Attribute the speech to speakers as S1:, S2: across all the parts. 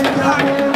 S1: Amen.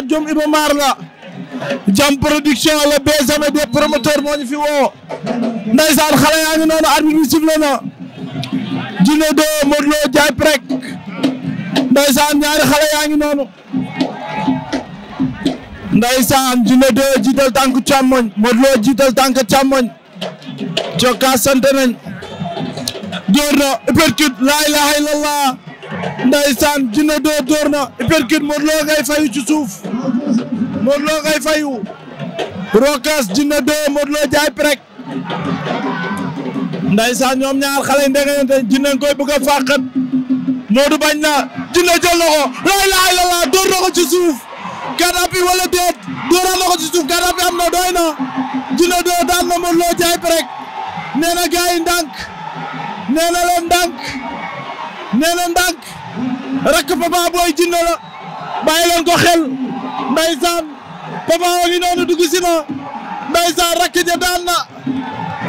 S2: stade Jom Iba Mar Jam production la BGM des promoteurs moo ñu fi woo ndeysaan xale yaa ngi noonu arbitre bi sifflé na Djiné 2 Modou Lo Jaay Prek ndeysaan ñaari yaa ngi noonu ndeysaan Djiné 2 jiital tànk càmmoñ Modou Lo jiital tànk càmmoñ jokka sante nañ door na la ilaha illallah Ndeysaan Dina Dóor dóor na uppercut Modou Lo ngay fayu ci suuf Modou Lo ngay fayu Rokas Dina Dóor Modou Lo ñoom ñaar xale yi ndegeyante Dina koy bëgg a bañ na Dina jël na ko laay la laa ko ci suuf gàddaap na doy na Dina Dóor daan na Modou jaay prek nee na gars yi ndànk nee na leen rakk Papa Boy Djiné la bàyyi leen ko xel ndeysaan Papa a ngi noonu dugg si na ndeysaan rakk ja daan na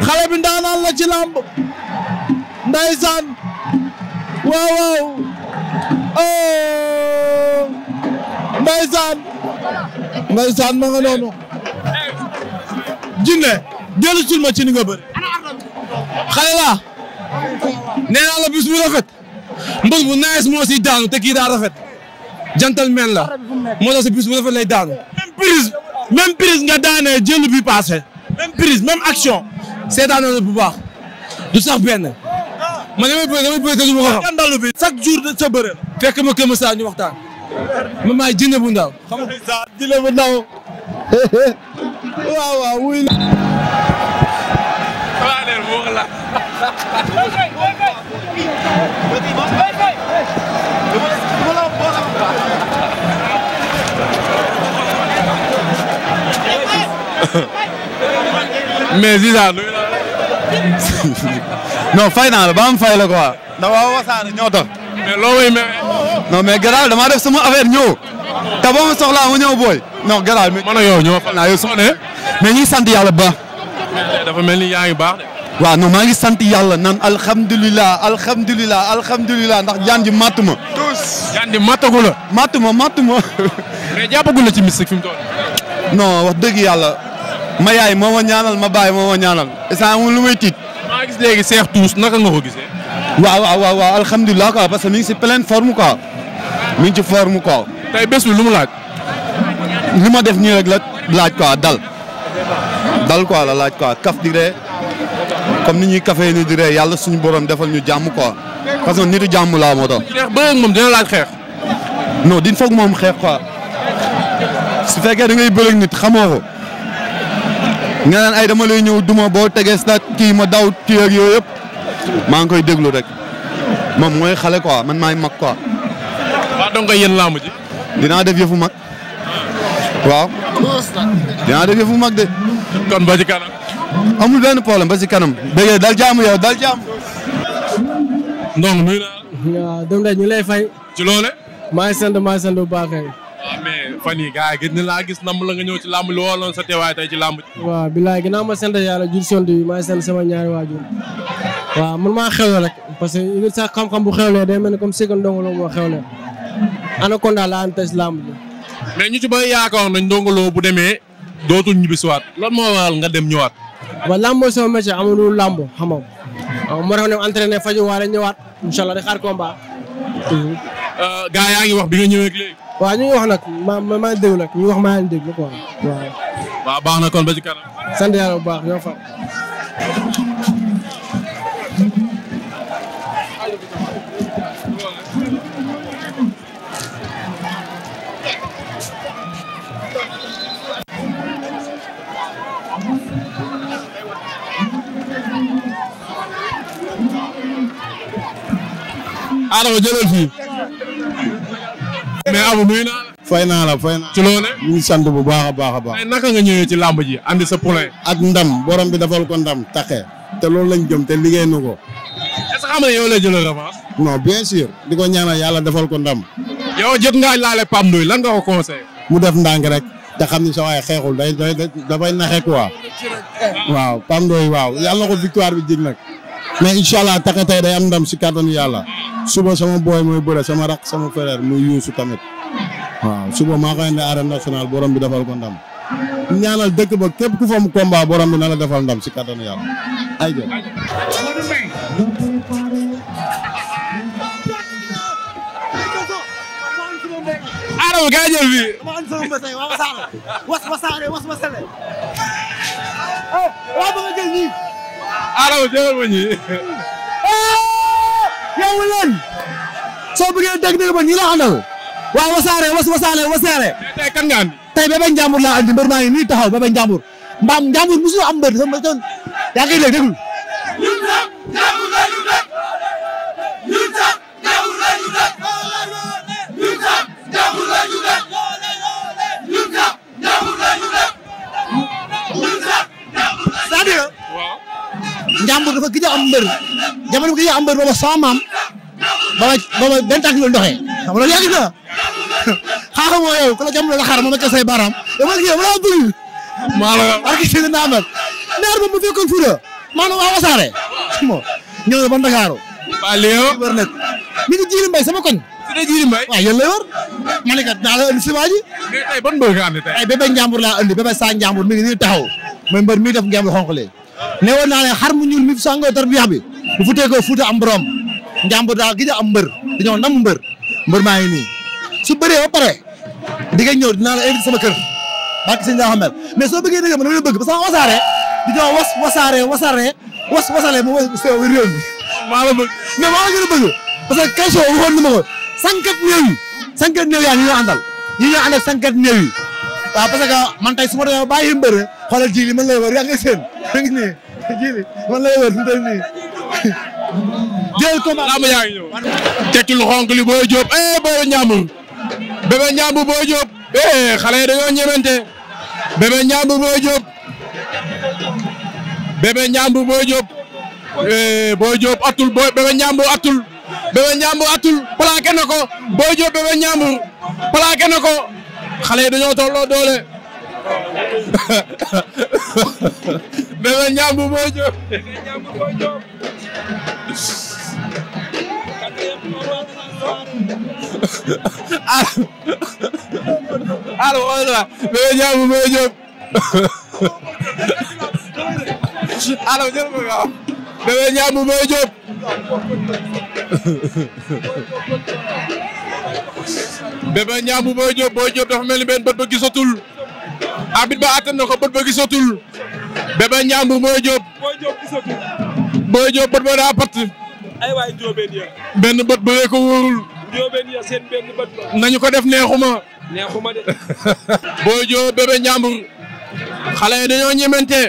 S2: xale bi ndaanaan la ci làmb ndeysaan waaw waaw oh ndeysaan ndeysaan ma nga noonu Djiné dellu sul ci ni nga bëri la nee naa la bis mbër bu nice moo siy daanu te kii daa rafet gentleman la moo tax si bis bu rafet lay daanu. même prise même prise nga daanee jël bi passé même prise même action seetaanoo la bu baax du sax benn man damay bëri damay ma ko xam. jinne bu ndaw. jinne bu ndaw. waaw wuy na.
S3: mais Ziza nuyu naa non fay naa la ba am fay la quoi. dama wasaare ñoo tax. mais loo may mais. non damaa def sama affaire ñëw. te boo ma soxlaa ma ñëw booy. non garaal mais fal naa yow soo ne. ñu ngi sant yàlla ba. dafa mel ni yaa ngi baax de. waaw maa ngi sant yàlla nan alhamdulilah alhamdulilah alhamdulilah ndax jaan ji matt ma. jaan ji mattagu la. matt ma matt ma. mais ci mystique fi mu toll. non wax ma yaay moo ma ñaanal ma baay moo ma ñaanal instant amul lu may tiit. maa gis léegi Cheikh Touche naka nga ko gisee. waaw waaw waaw waaw alhamdulilah quoi parce que mi ngi si pleine forme quoi mi ngi ci forme quoi. tey bés lu mu laaj. ma def nii rek la laaj quoi dal dal laaj quoi kaf comme ni ñuy kafee yàlla suñu borom defal ñu jàmm ko parce que nitu jàmm laa moo tax. moom dina laaj xeex. non din foog moom xeex quoi su fekkee da ngay nit xamoo nga naan ay dama lay ñëw duma boo tegee stade kii ma daw kii ak yooyu yëpp maa ngi koy déglu rek moom mooy xale quoi man maay mag quoi. waaw donc yéen laamu ji. dinaa def yëfu mag. waaw. dinaa def yëfu mag de. ci kanam. amul benn problème ba ci kanam. dégg dal jàmm yow dal jàmm. donc nuyu naa. waaw ñu lay fay. ci loole. maa ngi sant maa ngi sant bu
S4: fan yi gars yi gis na laa gis la nga ñëw ci làmb li wooloon sa teewaay tey ci làmb waaw bilaay ginnaaw ma sant yàlla jur sont bi maa sama ñaari waajur waaw man maa xewle rek parce que nit sax xam-xam bu xewlee day mel ni comme Seckou Ndongo Lo moo xewlee anaconda laa an tey si làmb bi mais ñu ci bëri yaakaar nañ Ndongo Lo bu demee dootul ñibbi si waat lan moo waral nga dem ñëwaat waaw làmb mooy sama métier amul làmb xamam moo tax ne entraîné faju waale ñëwaat incha allah di xaar combat euh, gaa yaa ngi wax bi
S2: waaw ñu ngi wax nag ma ma maa ngi déglu nag ñu wax maa ngi déglu quoi
S4: waaw. waaw baax na kon ba ci kanam. sant
S2: yàlla bu baax ñoo fa.
S5: Adama jëlal fii. mais Abu nuyu naa la. fay naa la fay naa la ci loone ñu ngi sant bu baax a baax a baax. mais naka nga ñëwee ci làmb ji andi sa poulain. ak ndam borom bi dafal ko ndam taxe te loolu lañ jëm te liggéey nu ko. est-ce yow lay jël revanche. non bien sûr di ko ñaanal yàlla dafal ko ndam. yow jot ngaa laale Pape Ndoye lan nga ko conseillé. mu def ndànk rek. te xam ni sa waay xeexul day day dafay naxe quoi. waa Pape Ndoye waaw yàlla na ko victoire bi jig nag. mais incha allah Takka Tey am ndam si kàttanu yàlla suba sama booy mooy bëre sama rak sama frère muy yuusu tamit waaw suba maa koy indi arène nationale borom bi defal ko ndam ñaanal dëkk ba ku fa mu borom bi na la defal si kàttanu yàlla
S1: ay jël Adama gaa jël bi
S6: was wasaare was wasale waa ba nga jël nii Adama jëlal ma ñii. Ah, yeewu leen. soo bëggee dégg-dégg ba ñi la àndal. waaw wasaare was wasaare wasaare. tey kan nga andi. tey Bébé Ndiambour laa andi mbër maa ngi nii taxaw Bébé Ndiambour am mbër yaa ngi dégg déglu mbër jamono bi nga am mbër booba sama maam booba booba benn tànk loolu doxee xam nga na xaaral moo yow ku la jamono la xaaral ma nekk say baaraam yow man yow laa bëgg maa la wax ak seen naa mel waa wasaare bon ñëw na ba Ndakaaru. waa Léo wër nag mi ngi jiiri mbay sama koñ. su dee jiiri ma ne kat naa la si waa ji. mais tey ban mbër nga andi tey. ay bébé njàmbur laa andi bébé saa njàmbur mi ngi nii taxaw mooy mbër ne woon naa leen xar mu ñuul mi sàngoo tarbiya bi bu futee ko fuuta am borom njàmbur daal gi am mbër dañoo nam mbër mbër maa ngi nii su bëree ba pare di nga ñëw dinaa la invité sama kër barki sëñ daa xamel mais soo bëggee dëgg ma dama la bëgg parce que wasaare di ñoo was wasaare wasaare was maa la bëgg mais maa la gën a bëgg parce que question waxoon na ma ko sankat néew yi sankat néew yaa que man tey su ma demee bàyyi mbër xoolal ji man lay war yaa jili man lay wër tey nii jël combat lamb yaa ngi ñëw
S4: teg ci lu xonk li booy jóob eh, eh, xale yi dañoo ñemente bébé ñaambur booy jóob bébé ñaambur booy jóob eh booy atul booy atul bébé atul plaqué na ko booy jóob bébé ñaambur plaqué na yi dañoo tolloo
S1: doole Bébé Ndiambu Boy Diop. Bébé Ndiambu Boy Diop. allo allo Bébé Ndiambu Boy Diop. allo
S4: jël ko nga am. Bébé Ndiambu Boy Diop. dafa mel ni benn bët ba gisatul. abit ba attan na ko bët ba gisatul Bébé Ñaambur Boy Diop. Boy Diop gisatul. Boy Diop ba daa patt.
S7: ay waay njóobeen
S4: ya. ko wóorul. njóobeen ya seen benn bët ba. nañu ko def neexuma. neexuma de. Boy Diop Bébé Ñaambur. xale yi dañoo ñemente.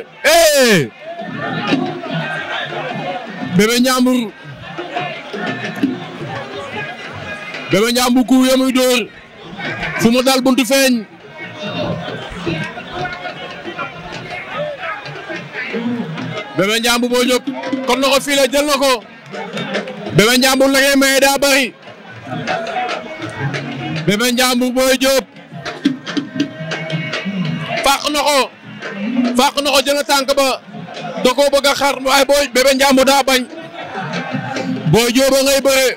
S4: ku yamuy dóor. fu mu dal buntu feeñ. Bébé Ndiambour moo jóg kon na ko file jël na ko Bébé Ndiambour la ngay maye daa bari Bébé Ndiambour Boy Diop fàq na ko fàq na ko jël na tànk ba da koo bëgg a xar waaye booy Bébé bañ Boy ba ngay bëre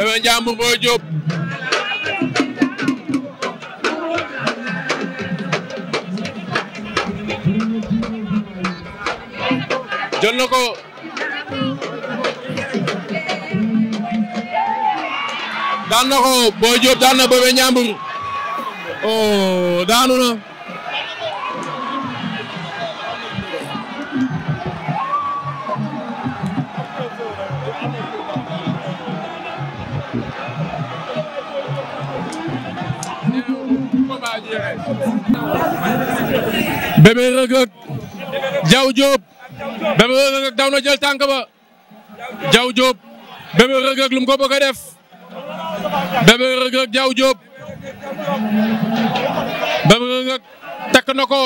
S4: Bébé Njambur Boy Diop jël na ko daan na ko Boy Diop daan na Bébé Njambur oh daanu na Bébé Reug Reug Diaw Diop Bébé Reug na jël tànk ba Diaw Diop Bébé Reug Reug ko bëgg def Bébé Reug Reug Diaw Diop Bébé Reug Reug na ko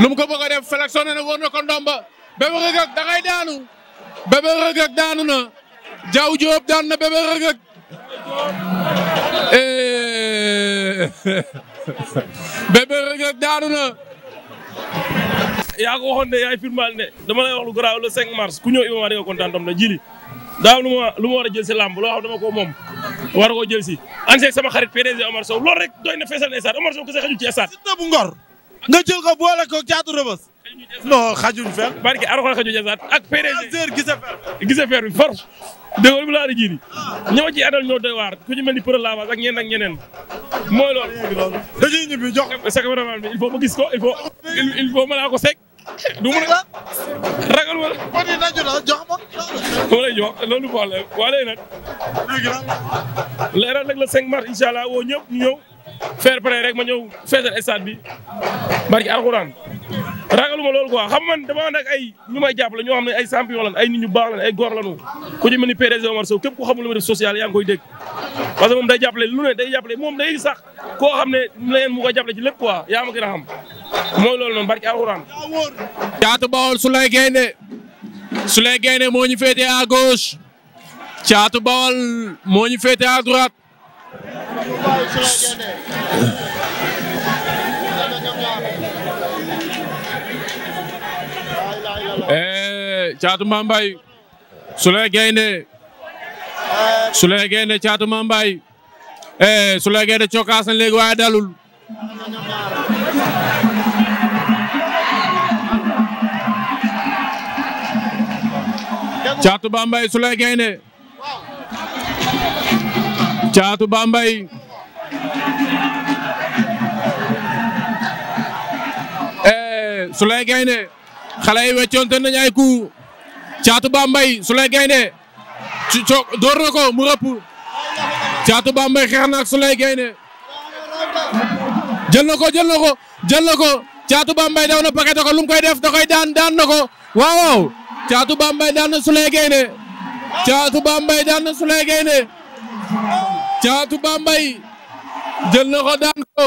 S4: lu ko bëgg a def flexionné na wër na ko ndomba Bébé Reug daanu Bébé Reug daanu na Diaw Diop daan na Bébé Reug Reug
S1: eh.
S4: Bébé
S7: daanu na yaa ko waxoon ne yaay firmaal ne dama lay wax lu garaaw le 5 mars ku ñëw Iba Mar di nga kontaan tam na jili daaw lu ma lu ma war a jël si làmb loo xam dama koo moom war koo jël si an seeg sama xarit PDG Omar Sow loolu rek doy na feesal na Omar Sow kese xaju ci stade bu ngor nga jël ko boole ko caatu rëbës non xajuñ fer. barke Aroxa xajuñ esaat ak gise fer bi force. dégg nga lu mu la ji di ñoo ci adal ñoo doy ku ñu mel ni Pura Lava ak ñeneen ak ñeneen mooy loolu. dañuy ñibbi jox sa cameraman bi il faut ma gis ko il faut il faut ma laa ko sekk. du mun a ragal wala. kon it nañu la jox ma. dama lay jox loolu nag. léegi nag. leeral nag le 5 allah woo ñëw. faire prêt rek ma ñëw feesal stade bi barki alxuraan. ragaluma loolu quoi xam man dama nag ay ñu may jàppale ñoo xam ne ay champion lan ay nit ñu baax lan ay góor lanu ku ci mel ni PDG Omar Sow képp ku xamul lu ma def social yaa ngi koy parce moom day jàppale lu moom day sax koo xam ne leneen mu koy jàppale ci lépp
S4: quoi yaa ma gën a xam mooy loolu noonu barki alxuraan Caatu Bawol Souleye Gaynde Souleye Gaynde moo ñu féete à gauche Caatu Bawol moo ñu féete à droite Caatu eh, Mambaay Souleye Gaynde Souleye Gaynde Caatu Mambaay eh, Souleye Gaynde cokkaas na Caatu Bambay Souleye Gaynde Caatu Bambay eh, Souleye Gaynde xale yi weccoonte nañ ay coup caatu bambay su lay gaynde ci co door na ko mu rëpp caatu bambay xeex na ak su lay gaynde jël na ko jël ko jël ko caatu bambay daw na paquet ko lu mu koy def da koy daan na ko waaw waaw caatu bambay daan na su gaynde caatu bambay daan na su gaynde caatu bambay jël na ko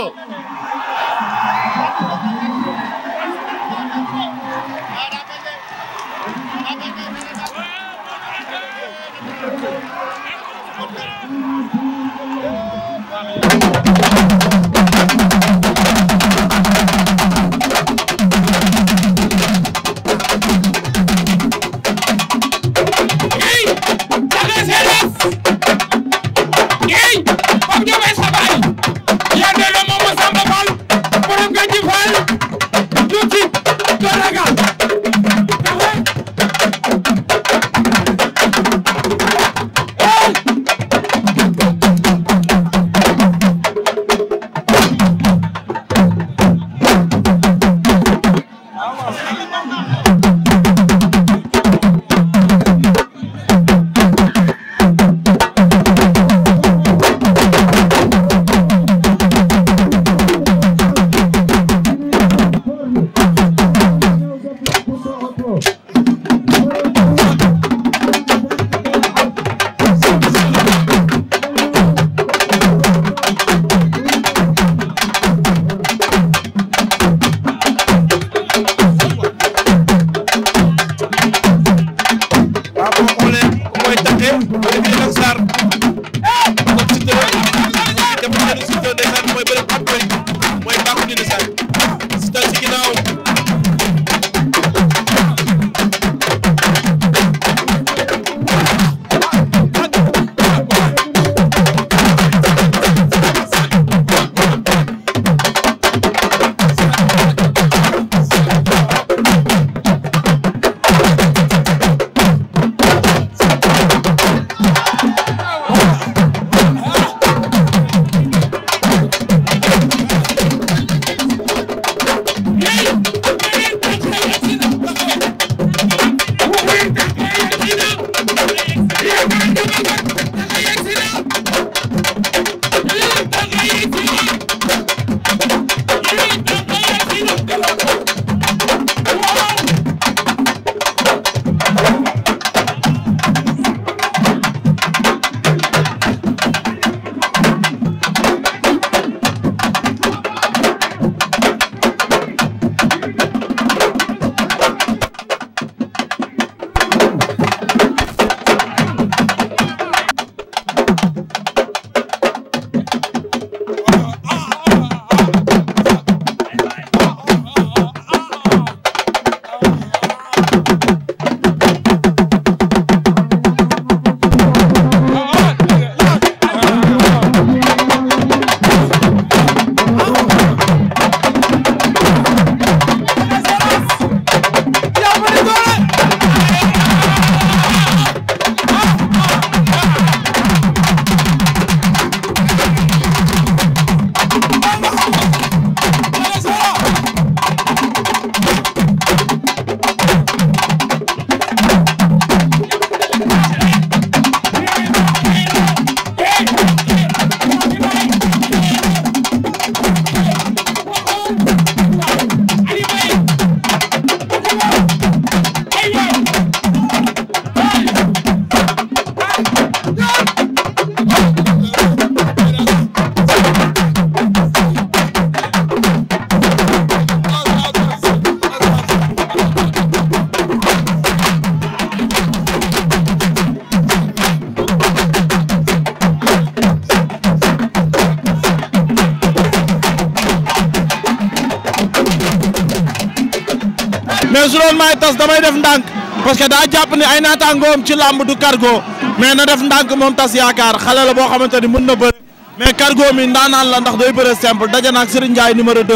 S2: Zoss damay def ndànk parce que daa jàpp ne ay naataangoom ci làmb du cargo mais na def ndànk moom tas yaakaar xale la boo xamante ni mën na bëri mais cargo mi ndaanaan la ndax day bëre simple daje naag Serigne Ndiaye numéro 2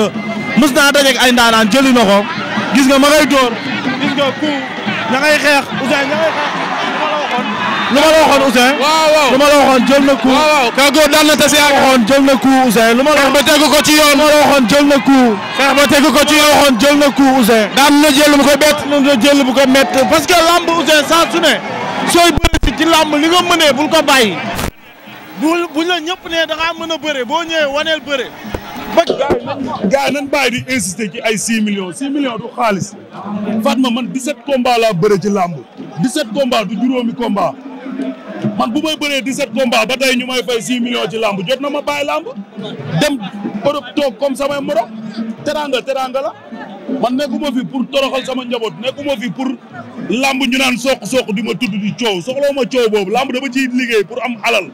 S2: mës naa dajeeg ay ndaanaan jëli na ko gis nga ma ngay dóor gis nga ku ña xeex.
S1: lu ma la waxoon Ousseyn. lu ma la jël na ku. waaw waaw Kago daan na jël
S2: na ku Ousseyn lu ma la. jël na ku. xeex ba tegu ko ci yoon. jël na ku Ousseyn. daan na jël bu ko bett. daan na jël bu ko mett parce que lamb Ousseyn saa su sooy bëri ci lamb li nga mënee bul ko bàyyi.
S8: bu ñëpp ne da ngaa mën a bëre boo ñëwee waneel bëre. ba gars yi nañ bàyyi di insister ci ay 6 millions 6 million du xaalis Fatma man 17 combats laa bëre ci lamb 17 combats du man bu may bëree 17 combats ba tey ñu may fay 6 millions ci lamb jot na ma bàyyi lamb dem Europe toog comme samay morom teraanga teraanga la man nekkuma fi pour toroxal sama njaboot nekkuma fi pour lamb ñu naan soq soq di ma tudd di coow soxlawu ma coow boobu lamb dama ciy liggéey pour am alal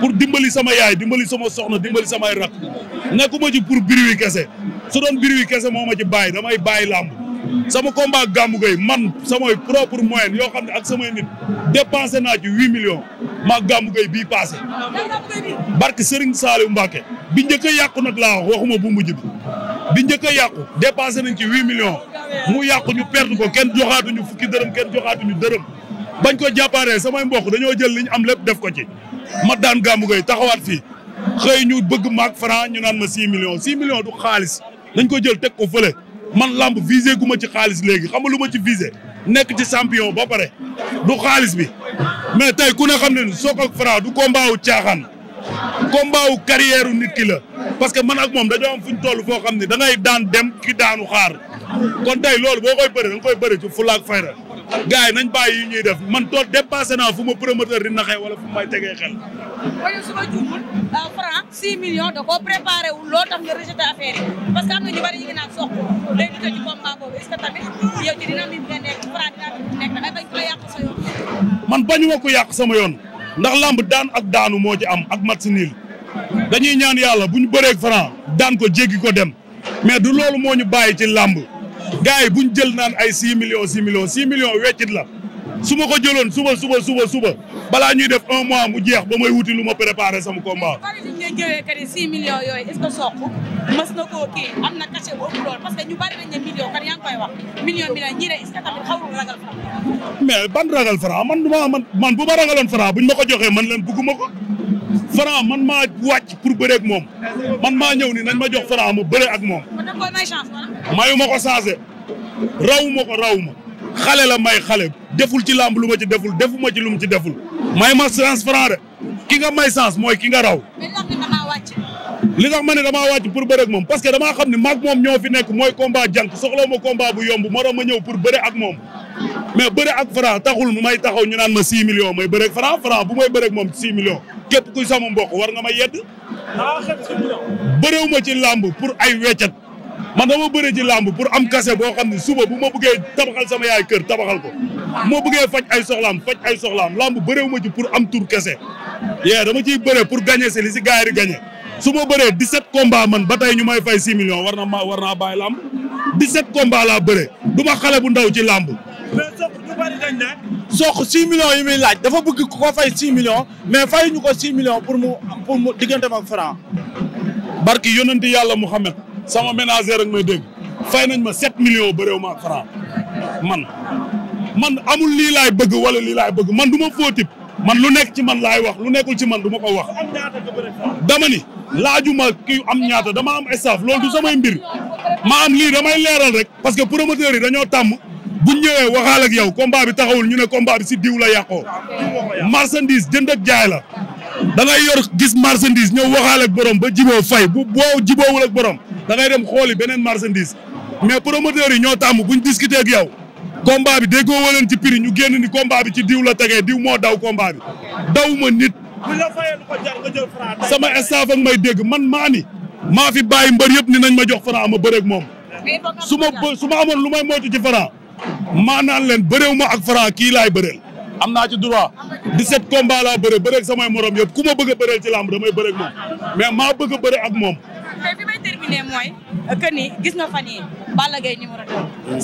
S8: pour dimbali sama yaay dimbali sama soxna dimbali samay rak nekkuma ci pour bruit kese su doon bruit kese moo ma ci bàyyi damay bàyyi lamb sama combat Gamou Gueye man samay propre moyen yoo xam ne ak samay nit dépensé naa ci huit millions maa Gamou Gueye bii passé barke Serigne Saliou Mbacké bi njëkk a yàqu nag laa wax waxuma bu mujj bi bi njëkk a yàqu dépensé nañ ci huit million mu yàqu ñu perte ko kenn joxaatuñu fukki dërëm kenn joxaatuñu dërëm bañ ko jàppaaree samay mbok dañoo jël liñ am lépp def ko ci ma daan Gamou Gueye taxawaat fii xëy ñu bëgg maag franc ñu naan ma six millions six million du xaalis dañ ko jël teg ko fële man lamb visé gu ma ci xaalis léegi xam nga lu ma ci visé nekk ci champion ba pare du xaalis bi mais tey ku ne xam ne Sokh ak Franc du combat wu caaxaan combat wu carrière nit ki la parce que man ak moom dañoo am fu ñu toll foo xam ne da ngay daan dem ki daanu xaar kon tey loolu boo koy bëri da nga koy bëri ci fulaak fayra gars yi nañ bàyyi yu ñuy def man tool dépassé naa fu ma promoteur di naxee wala fu may tegee xel.
S1: waaye
S9: su ma juumul euh, franc loo am na
S8: ñu bari bañ ko yàq sama yoon ndax lamb daan ak daanu moo ci am ak match nul dañuy ñaan yàlla bu ñu bëree ak franc daan ko jéggi ko dem mais du loolu moo ñu bàyyi ci lamb. gars yi buñ jël naan ay 6 millions 6 millions 6 millions weccit la su ma ko jëloon suba suba suba suba balaa ñuy def un mois mu jeex ba may wuti lu ma préparé sama combat.
S9: bari dañ lay jëwee kat 6 millions yooyu que soq mës na koo kii am na cachet bu ëpp lool parce que ñu bari nañ ne million kat yaa ngi la ñii
S8: de ma leen bugguma ko. Franc man maa wàcc pour bëreeg moom man maa ñëw ni nañ ma jox Franc ma bëre ak moom. mayu ma ko changé raw ma ko raw ma xale la may xale deful ci làmb lu ma ci deful defu ma ci lu ci deful may ma chance Franc de ki nga may chance mooy ki nga raw. li tax ma ne damaa wàcc pour bëre ak moom parce que damaa xam ne maag moom ñoo fi nekk mooy combat jànk soxla ma combat bu yomb ma doon ma ñëw pour bëre ak moom mais bëre ak Franc taxul mu may taxaw ñu naan ma 6 million may bëre ak Franc bu may bëre moom 6 millions képp kuy sama mbokk war nga ma yedd. bëreewu ma ci làmb pour ay weccat man dama bëre ci làmb pour am kase boo xam ne suba bu ma bëggee tabaxal sama yaay kër tabaxal ko
S1: bu ma
S8: bëggee faj ay soxlam faj ay soxlaam lamb bëreewu ma ci pour am tur kese. yee dama ciy bëre pour gagner si li si gars yi di su ma bëree 17 combats man ba tey ñu may fay 6 million war na ma war naa bàyyi làmb 17 combats laa bëre du ma xale bu ndaw ci làmb. mais soq ñu bari yi muy laaj dafa bëgg ku ko fay 6 millions mais fay ñu ko 6 millions pour mu pour mu digganteem ak franc. barki yonent yàlla Mouhamed sama ménagère ak may dégg fay nañ ma 7 millions bëreew ma ak franc man man amul lii laay bëgg wala lii laay bëgg man du ma faux type man lu nekk ci man laay wax lu nekkul ci man du ma ko wax. dama ni laajuma ki am ñaata dama am staff loolu du samay mbir ma am lii damay leeral rek. parce que promoteurs yi dañoo tàm bu ñëwee waxaal ak yow combat bi taxawul ñu ne combat si diw la yàqoo marchandise jënd ak jaay la da ngay yor gis marchandise ñoo waxaal ak borom ba jiboo fay bu boo jiboowul ak borom da ngay dem xooli beneen marchandise mais promoteurs yi ñoo tàmm buñ discuter ak yow combat bi déggoo waleen ci prix ñu génn ni combat bi ci diw la tegee diw moo daw combat bi daw ma nit sama staff ak may dégg man maa ni maa fi bàyyi mbër yëpp ni nañ ma jox Franc ma bëreeg moom su ma su ma amoon lu may moytu ci maanaan leen bëréew ak Franc kii laay bëreel am naa ci droit 17 combats laa bëre bëreeg samay morom yëpp ku ma bëgg a bëreel ci moom mais maa bëgg a bëre ak moom.
S9: mais fi may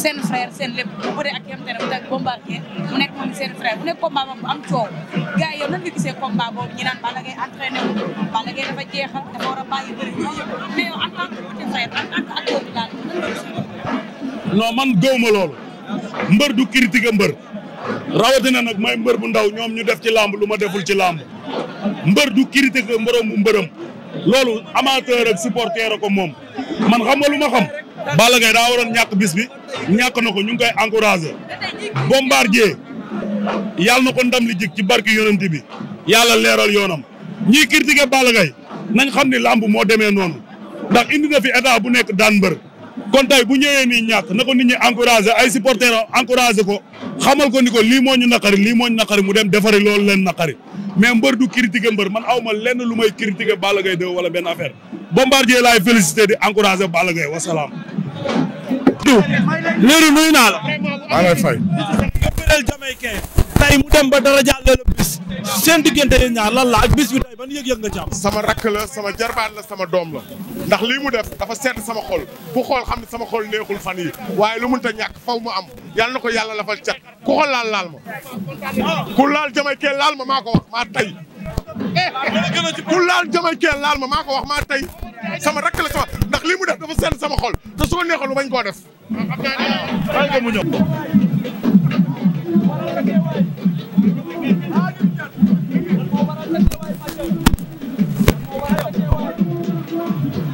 S9: seen frère seen lépp bu bëre ak yam tere mu nekk mu nekk moom seen frère mu nekk combat am coow gars yi yow nan nga gisee combat boobu ñu naan Balla dafa jeexal dafa war a bàyyi bëri yooyu
S8: man gëw ma mbër du critique mbër rawatina nag may mbër bu ndaw ñoom ñu def ci làmb lu ma deful ci làmb mbër du critique mbërëm bu mbërëm loolu amateur ak supporter a ko moom man xam nga lu ma xam Balla Gaye daa waroon ñàkk bis bi ñàkk na ko ñu ngi koy encouragé bombardier yàlla na ko ndam li jik ci barki yonent bi yàlla leeral yoonam ñiy critiqué Balla Gaye nañ xam ni làmb moo demee noonu ndax indi na fi état bu nekk daan mbër kon tey bu ñëwee nii ñàkk na ko nit ñi encouragé ay supporters encouragé ko xamal ko ni ko lii moo ñu naqari lii moo ñu mu dem defari loolu leen naqari mais mbër du critiquer mbër man awma lenn lu may critiquer Balla Gaye 2 wala benn affaire bombardier laay félicité di encouragé Balla Gaye wasalaam.
S1: léegi nuyu naa la. maa ngi lay fay.
S9: tey mu dem ba dara jàllale bis seen diggante yéen ñaar lan la ak bis bi tey ban yëg-yëg nga ci am. sama rakk la sama jarbaat la sama doom la. ndax lii mu def dafa sedd sama xol ku xool xam ne sama xol neexul fan yi waaye lu mënta ñàkk faw mu am yal na ko yàlla lafal cat ku xool laal laal
S1: ma ku laal
S9: jamay kee laal ma maa ko wax maa tey ku laal jamay kee laal ma maa ko wax maa tey sama rakk sama ndax lii mu def dafa sedd sama xol te su ko neexul bañ koo def mu ñëw
S1: Thank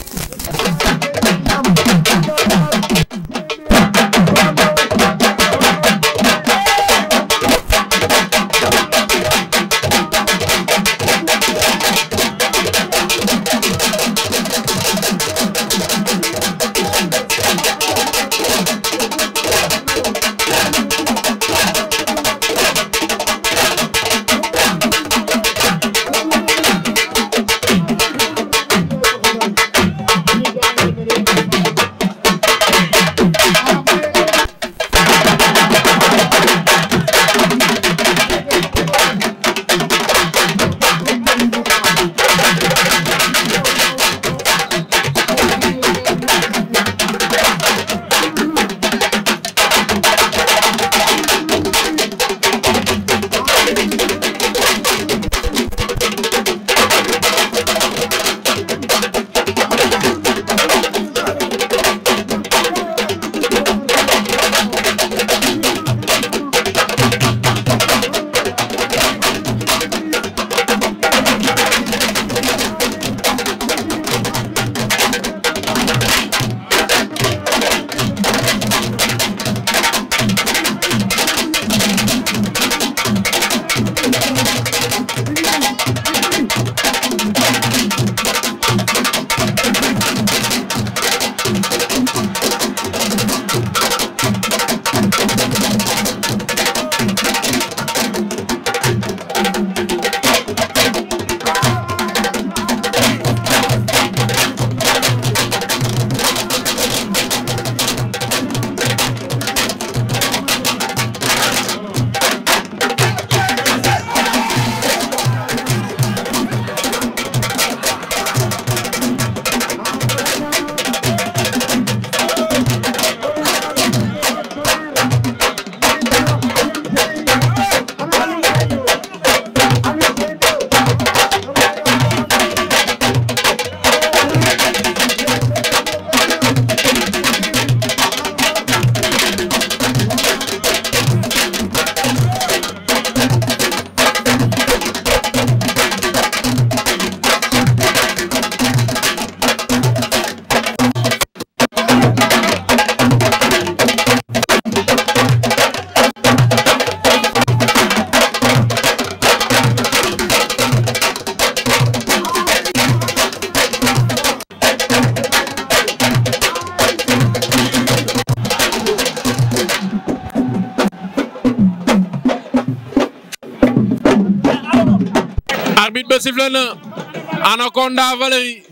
S4: Anaconda Valérie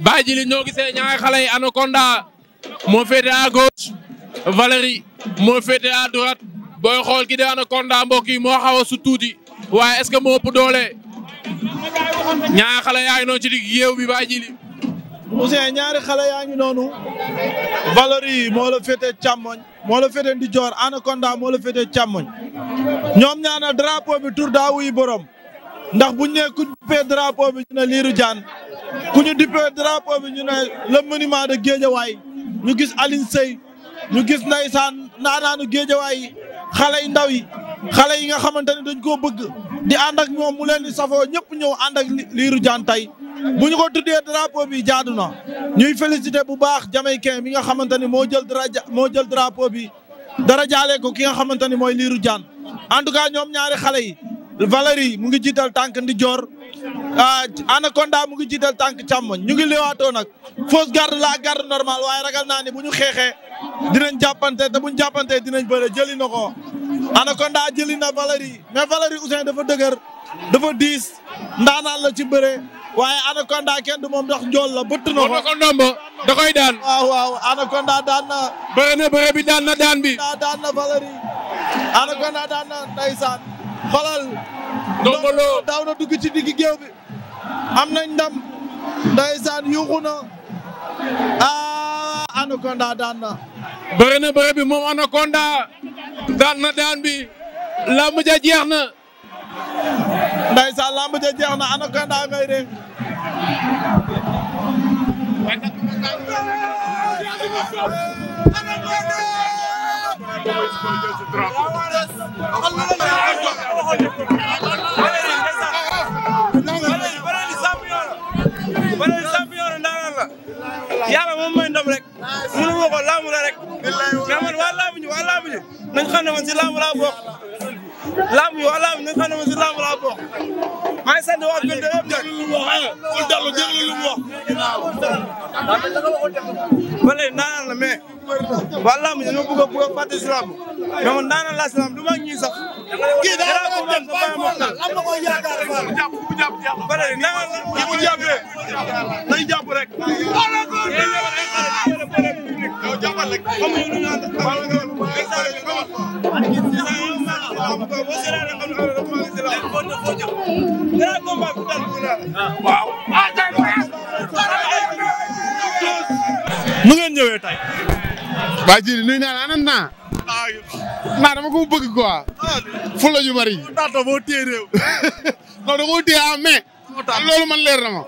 S4: Baye Djili ñoo gisee ñaari xale yi Anaconda moo féete à gauche moo féete à booy xool ki di Anaconda mbokk yi moo xaw a tuuti waaye est-ce que moo ëpp doole ñaari xale yaa ngi noonu ci digg yéew bi Baye ñaari xale yaa
S2: ngi noonu Valérie moo la féete càmmoñ moo la féete ndijoor Anaconda moo la féete càmmoñ ñoom ñaana drapeau bi tur daa wuy borom. ndax bu ñu nee ku duppee drapeau bi ñu ne Lirou Diane ku ñu duppee drapeau bi ñu ne le monument de ñu gis Alioune Seye ñu gis ndeysaan naanaanu Guédiawaye yi xale yu ndaw yi xale yi nga xamante ne dañ koo bëgg di ànd ak moom mu leen di safoo ñëpp ñëw ànd ak Lirou Diane tey bu ñu ko tuddee drapeau bi jaadu na ñuy félicité bu baax Jamaïcain bi nga xamante ni moo jël daraja moo jël drapeau bi dara jaale ko ki nga xamante ni mooy liiru Diane en tout cas ñoom ñaari xale yi Valérie mu ngi jiital tànk ndi joor ah, Anaconda mu ngi jiital tànk càmmoñ ñu ngi liwaatoo nag fausse garde la garde normale waaye ragal naa bu ñu xeexee dinañ jàppante te bu ñu jàppante dinañ bëre jëli na ko Anaconda jëli na Valérie mais Valérie Ousseyn dafa dëgër dafa diis la ci bëre waaye Anaconda kenn du moom ndax njool la bëtt na ko. war na ko ndombo daan. na. bëre na bëre bi daan na daan bi. daan na Valérie daan na ndeysaan xolal Ndongo Lo daaw na dugg ci digg géew bi am nañ ndam ndeysaan yuuxu na ah Anaconda daan na
S4: bëri na moom Anaconda daan na daan bi làmb jeex na ndeysaan làmb ja
S2: jeex na Anaconda ngay rek yàlla moom mooy ndam rek mënu ma ko laamu la rek mais waa laamu ñu waa laamu ñu nañ xam ne si laamu laa bokk lamb yi wax lamb ñu xam ne si lamb laa bokk maa ngi sant waa Bidda yëpp nag ku dellu déglu lu mu wax. ba léegi naanaan yi dañoo bëgg a bëgg a fàtte si lamb mais man naanaan laa si lamb du mag kii daa la ko dem bàyyi na ko yaakaar ba léegi naanaan la kii bu jàppee nañ jàpp rek.
S1: yow jàppal rek.
S9: waaw. ngeen ñëwee tey. waa ji nuyu naa la anam naa. naa dama ko bëgg quoi. fu la ñu bari. taata boo téye réew. non da koo na ma.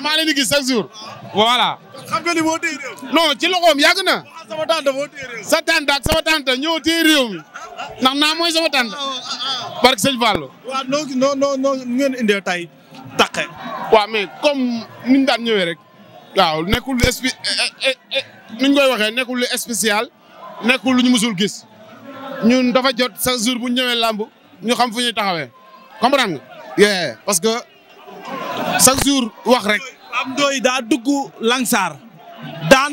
S9: maa leen gis chaque jour. voilà. xam nga ni boo téye réew. ci loxoom yàgg na. sa tante ak réew mi. ndax naa mooy sama tànn. Ah, ah, ah, barke sëñ Fallou. waaw noo noo noo noo ngeen indee tey taqe. waaw mais comme ni ñu daan ñëwee rek. waaw nekkul lu spi eh, eh, eh, ni waxee nekkul lu spécial nekkul lu ñu musul gis ñun dafa jot chaque jour bu ñëwee làmb ñu xam fu ñu taxawee comprendre nga. parce que chaque jour wax rek. am doy daa dugg Langsar daan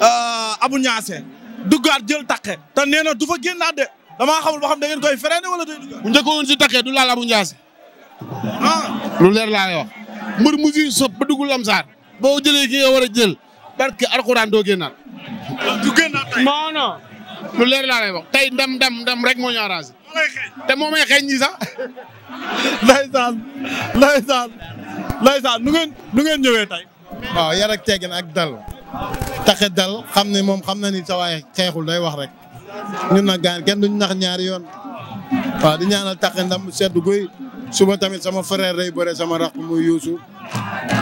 S2: euh, Abu Ñaase duggaat jël taqe. te nee na génnaat de. damaa
S9: xamul ba xam da ngeen koy freiné wala day dugg. bu si takkee du laal Abou Ndiassé. Ah. lu leer laa lay wax. mbër mu siy sëb ba duggul lamsaar. boo jëlee ki nga war a jël barke alxuraan doo génnaat. du génnaat lu leer laa lay wax tey ndam ndam ndam rek moo ñu te moo may xeeñ ñi sax.
S5: ndeysaan ndeysaan ndeysaan nu ngeen nu ngeen ñëwee tey. waaw yar ak teggin dal. taxe dal xam ne moom xam na ni sa waay xeexul day wax rek. ñun nag gaan kenn duñ nax ñaari yoon waaw di ñaanal taxe ndam sedd guy suba tamit sama frère day bëre sama rakk muy Youssou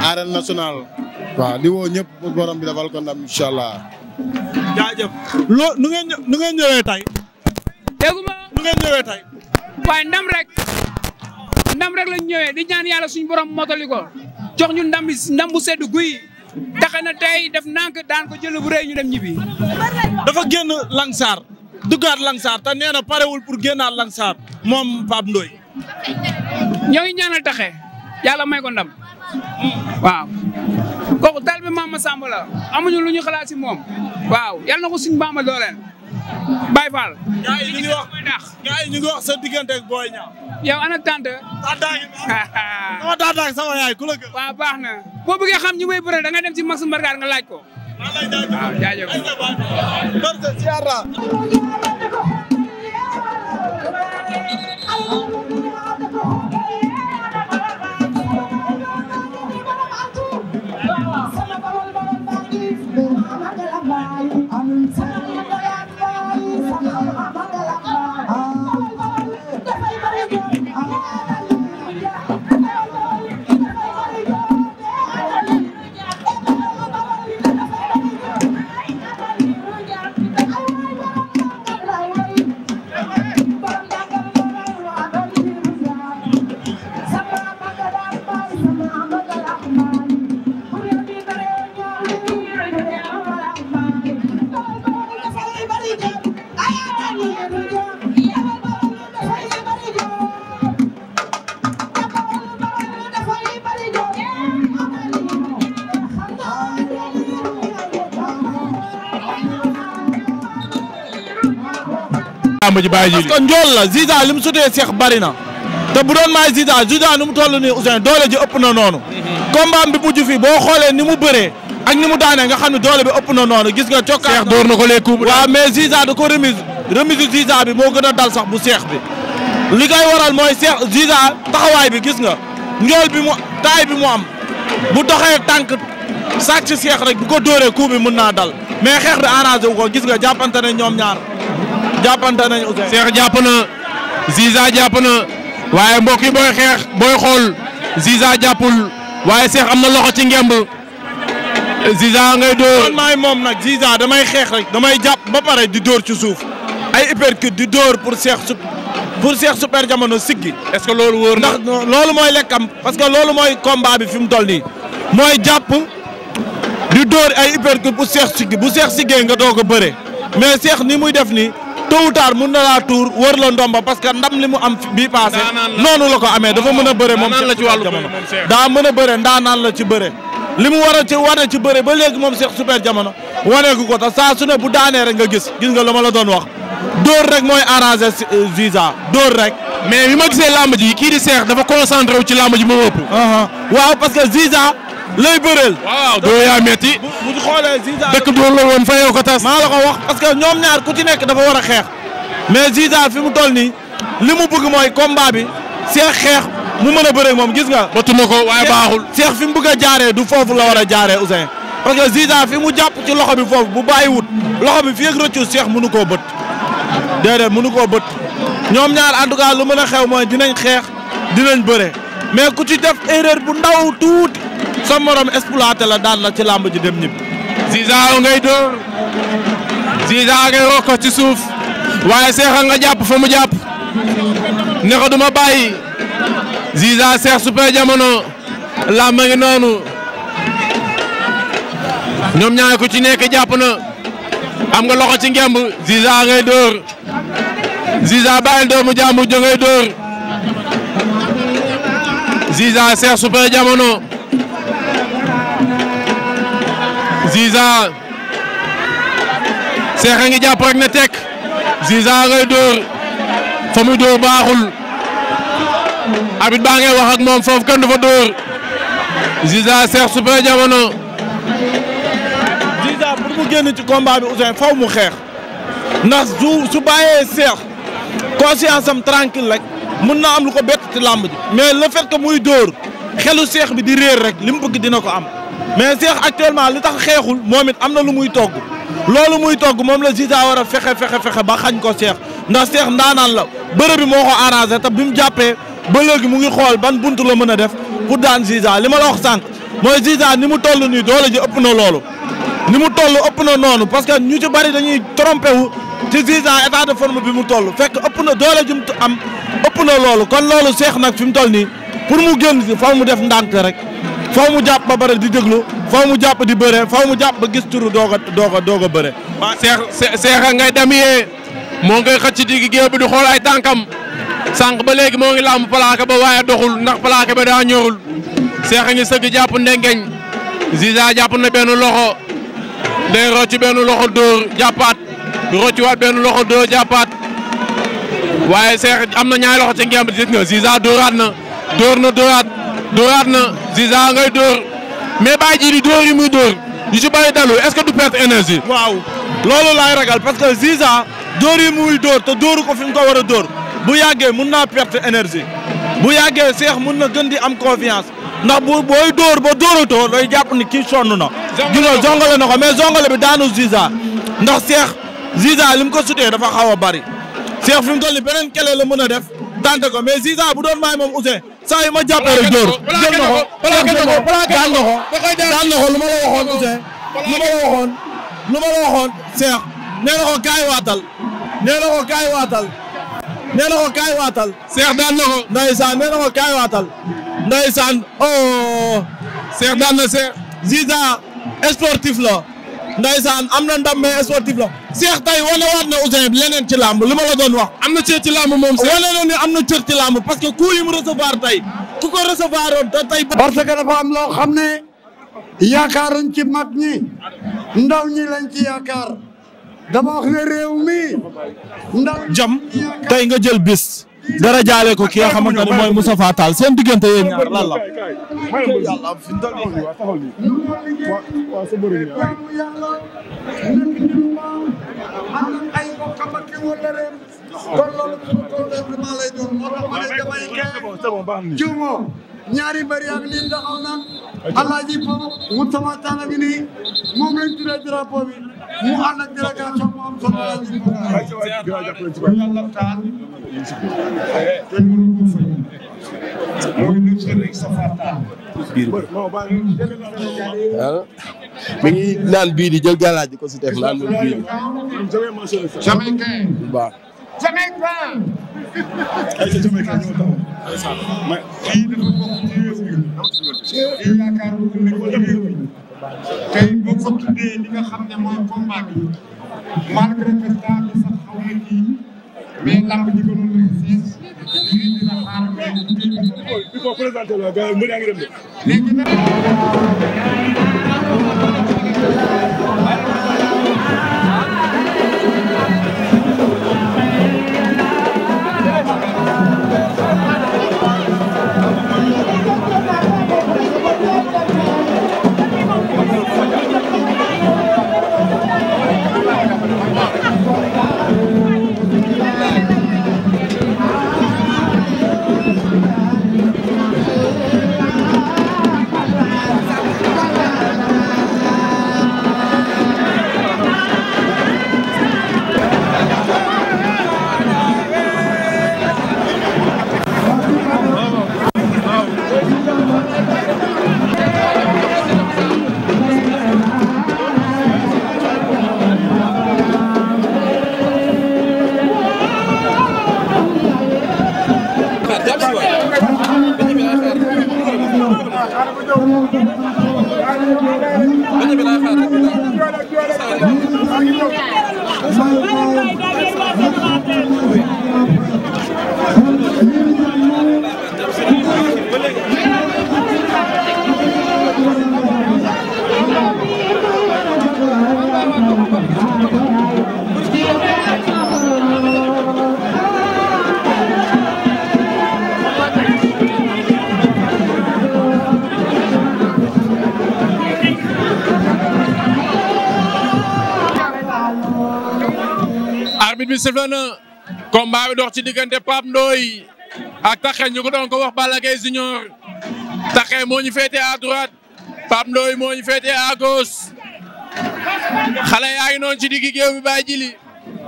S5: arène nationale waaw di woo ñëpp borom bi dafal ko ndam incha nu ngeen nu ngeen ñëwee tey. ma
S4: nu ngeen ñëwee tey. waaye ndam rek ndam rek lañ ñëwee di ñaan yàlla suñ borom motali ko jox ñu ndam ndam bu sedd guy taxe na tey def nank daan ko
S2: jël bu rëy dem ñibbi. dafa génn Langsar. duggaat Langsar te nee na parewul pour génnaat Langsar moom Pape Ndoye. ñoo ngi ñaanal taxe yàlla
S4: may ko ndam. waaw kooku taal bi maam Samba la amuñu lu ñu xalaat
S9: si moom waaw yal na ko suñu maam dooleel Baye Fall. gars yi ñu ngi wax gars yi ñu ngi sa diggante ak Boy Niang. yow ana tante. tataay sama tataay sama baax na boo bëggee xam ñu may bëre da nga dem si Maxime Mbargane nga laaj ko. waaw jaajëf. Barke
S2: siyaar
S1: naa
S8: làmb parce que
S2: njool la Ziza li mu sutee Cheikh bari na te bu doon maay Ziza Ziza nu mu toll nii Ousseyn doole ji ëpp na noonu combat bi mujj fi boo xoolee ni mu bëree ak ni mu daanee nga xam ne doole bi ëpp na noonu gis nga cokkaat door na ko les coups waaw mais Ziza da ko remise remise Ziza bi moo gën a dal sax bu Cheikh bi li waral mooy Cheikh Ziza taxawaay bi gis nga njool bi mu taay bi mu am bu doxee tànk sàcc Cheikh rek bu ko dóoree coup mun naa dal mais xeex arrangé wu ko gis nga jàppante ne ñoom ñaar jàppante nañ Ousseyn. Cheikh jàpp
S4: na Ziza jàpp na waaye mbokk yi booy xeex booy xool Ziza jàppul waaye Cheikh am na loxo ci ngemb. Ziza ngay dóor man maay moom
S2: nag Ziza damay xeex rek damay jàpp ba pare di dóor ci suuf ay uppercut di dóor pour Cheikh su pour Cheikh Super Diamono siggi est-ce que loolu wóor na ndax loolu mooy lekkam parce que loolu mooy combat bi fi mu toll nii mooy jàpp di dóor ay uppercut bu Cheikh siggi bu Cheikh siggee nga doog a bëre mais Cheikh ni muy def nii tôt ou tard mun na laa tuur wër la ndomba parce que ndam li mu am bii passé noonu la ko amee dafa mën a bëre moom la ci wàllu daa mën a bëre ndaanaan la ci bëre li mu war a ci war ci bëre ba léegi moom Cheikh Super Jamono waneeku ko te saa su ne bu daanee rek nga gis gis nga lu ma la doon wax dóor rek mooy arranger euh, visa dóor rek mais bi ma gisee làmb yi kii di Cheikh dafa concentré wu ci làmb ji moom waaw parce que visa lay bëreel. waaw doo yaa metti. bu bu xoolee Ziza dëkk doo la woon fayoo ko tas. maa la wax parce ñoom ñaar ku ci nekk dafa war a xeex. mais Ziza fi mu toll nii li mu bëgg mooy combat bi seex xeex mu mën a bëreeg moom gis nga. bëtt na ko waaye baaxul. seex fi mu bëgg jaaree du foofu la war a jaaree Ousseyn. parce que a fi mu jàpp ci loxo bi foofu bu bàyyiwut loxo bi fii ak rëccu seex mënu koo bët. déedéet mënu koo bët ñoom ñaar en tout cas lu mën a xew mooy dinañ xeex dinañ bëre mais ku ci def erreur bu ndaw tuuti sa morom exploité la daan la ci làmb ji dem ñibbi. Ziza ngay
S4: dóor Ziza ngay wax ci suuf waaye seexa nga jàpp fa mu jàpp ne ko du ma bàyyi Ziza Seex Super Jamono làmb ngi noonu ñoom ñaar ku ci nekk jàpp na am nga loxo ci ngemb Ziza ngay dóor Ziza bàyyil doomu jàmbur jo ngay dóor Ziza Seex Super Jamono. Ziza Seex a ngi jàpp rek ne tek Ziza ngay dóor fa muy dóor baaxul abit baa ngay wax ak moom foofu kenn du fa dóor Ziza Seex Super Jamono.
S2: Ziza pour mu génn ci combat bi Ousseyn faw mu xeex ndax su su bàyyee Seex conscience am rek mun na am lu ko bett ci làmb ji mais le fait que muy dóor xelu Seex bi di réer rek li mu bëgg dina ko am. mais Cheikh actuellement li tax xeexul moom it am na lu muy togg loolu muy togg moom la Ziza war a fexe fexe fexe ba xañ ko Cheikh ndax Cheikh ndaanaan la bërëb bi moo ko arrangé te bi mu jàppee ba léegi mu ngi xool ban bunt la mën a def pour daan Ziza li ma la wax sànq mooy Ziza ni mu toll nii doole ji ëpp na loolu. ni mu toll ëpp na noonu parce que ñu ci bari dañuy trompé wu ci Ziza état de forme bi mu tollu fekk ëpp na doole ji mu am ëpp na loolu kon loolu Cheikh nag fi mu toll nii pour mu génn si faw def ndànk rek. faw mu jàpp ba bëre di déglu faw mu jàpp di bëre faw mu jàpp ba gis turu doog a
S4: a doog a bëre. waaw seex seexa ngay demee moo ngay xëcc ci géew bi di xool ay tànkam sànq ba léegi moo ngi làmb plaqué ba waaye doxul ndax plaqué ba daa ñorul seexa ngi sëgg jàpp ndengeñ Ziza jàpp na benn loxo day rocc benn loxo dóor jàppaat rocciwaat benn loxo dóor jàppaat waaye seex am na ñaari loxo ci ngemb di nga Ziza dóoraat na dóor na dóoraat. dóoraat na Ziza ngay dóor mais bàyyi ji di yi muy dóor yu si bàyyi dalu est-ce que du perte
S2: énergie. waaw loolu laay ragal parce que Ziza dóor yi muy door te dóoru ko fi mu ko war a dóor bu yàggee mun naa perte énergie bu yàggee seex mun na gën di am confiance ndax bu booy dóor ba to day jàpp ni kii sonn na. jongale jongale na ko mais jongale bi daanu Ziza ndax seex Ziza li mu ko sutee dafa xaw a bari seex fi mu toll nii beneen kele la mën a def tante ko mais Ziza bu doon maay moom Ousseyn. saa ma jàppee rek dóor jël na ko plaqué na ko daan na ko daan na ko waatal nee na ko kaay waatal nee na ko waatal Cheikh daan na ko ndeysaan oh. daan na Cheikh Ziza sportif la ndaysaan am na ndam mais sportif la Cheikh tey wane waat na Ouzin leneen ci làmb li ma la doon wax am na cër ci
S6: làmb moom Cheikh wane na ni am na cër ci làmb parce que ku yi mu recevoir tey ku ko recevoir oon te tey parce que dafa am loo yaakaar ne ci mag ñi ndaw ñi lañ ci yaakaar dama wax ne réew mi ndaw jam tey nga
S2: jël bis dara jaale ko ki nga xamante ne mooy Moustapha Tall seen diggante yéen ñaar lan
S6: la. ñaari bëri ak liñ taxaw nag. alaaji Pam Moustapha Tall a ngi nii moom lañ tuddee drapeau bi. mu ànd ak délégation bu am solo la ñu ko gaal yàlla taal te ñu ngi ko fay mooy le Serigne Safa Tall
S4: mi ngi naan bii di jël galaaj di ko si def naan bii di
S9: Jamaïcain baax Jamaïcain ay Jamaïcain ñoo taw ma
S1: kii dafa bokk ci réew mi yaakaar ko tey bu ko tuddee li nga xam ne mooy
S6: combat bi malgré que temps bi sax xaw na kii mais lamb ji gënoon na siis
S1: lii dina xaar mais bi ko présenté la gars yi mbir yaa ngi dem de léegi nag
S4: ci diggante Pape Ndoye ak Taxe ñu ko doon ko wax Balla Gaye Junior Taxe moo ñu féetee à droite Pape Ndoye moo ñu féetee à gauche xale yaa ci diggi géew bi jili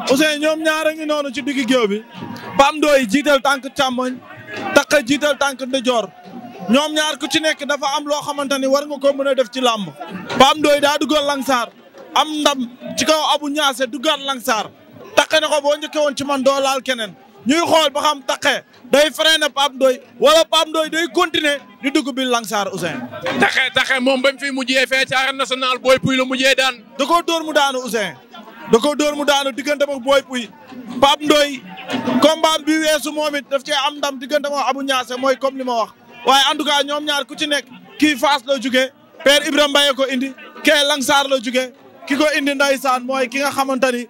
S4: Ousseyn ñoom ñaar a ngi noonu ci diggi géew bi Pape
S2: Ndoye jiital tànk càmmoñ Taxe jiital tànk ndijoor ñoom ñaar ku ci nekk dafa am loo xamante ni war nga ko mën a def ci làmb Pape Ndoye daa duggoon Langsar am ndam ci kaw Abu Ñaase duggaat Langsar Taxe ne ko boo njëkkee ci man doo laal keneen ñuy xool ba xam Takké day na Pape Ndoye wala Pape Ndoye day continuer di dugg bi Langsar Ousseyn. Takké Takké moom ba mu fi mujjee fee ci arène nationale Boy Pouye la mujjee daan. da koo dóor mu daanu Ousseyn da koo dóor mu daanu diggante ak Boy Pouye Pape Ndoye combat bi weesu moom it daf cee am ndam diggante ak Abou Niasse mooy comme li ma wax waaye en tout cas ñoom ñaar ku ci nekk kii Fass la jugee Père Ibrahima Mbaye ko indi kee Langsar la jugee ki ko indi ndaysaan mooy ki nga xamante ni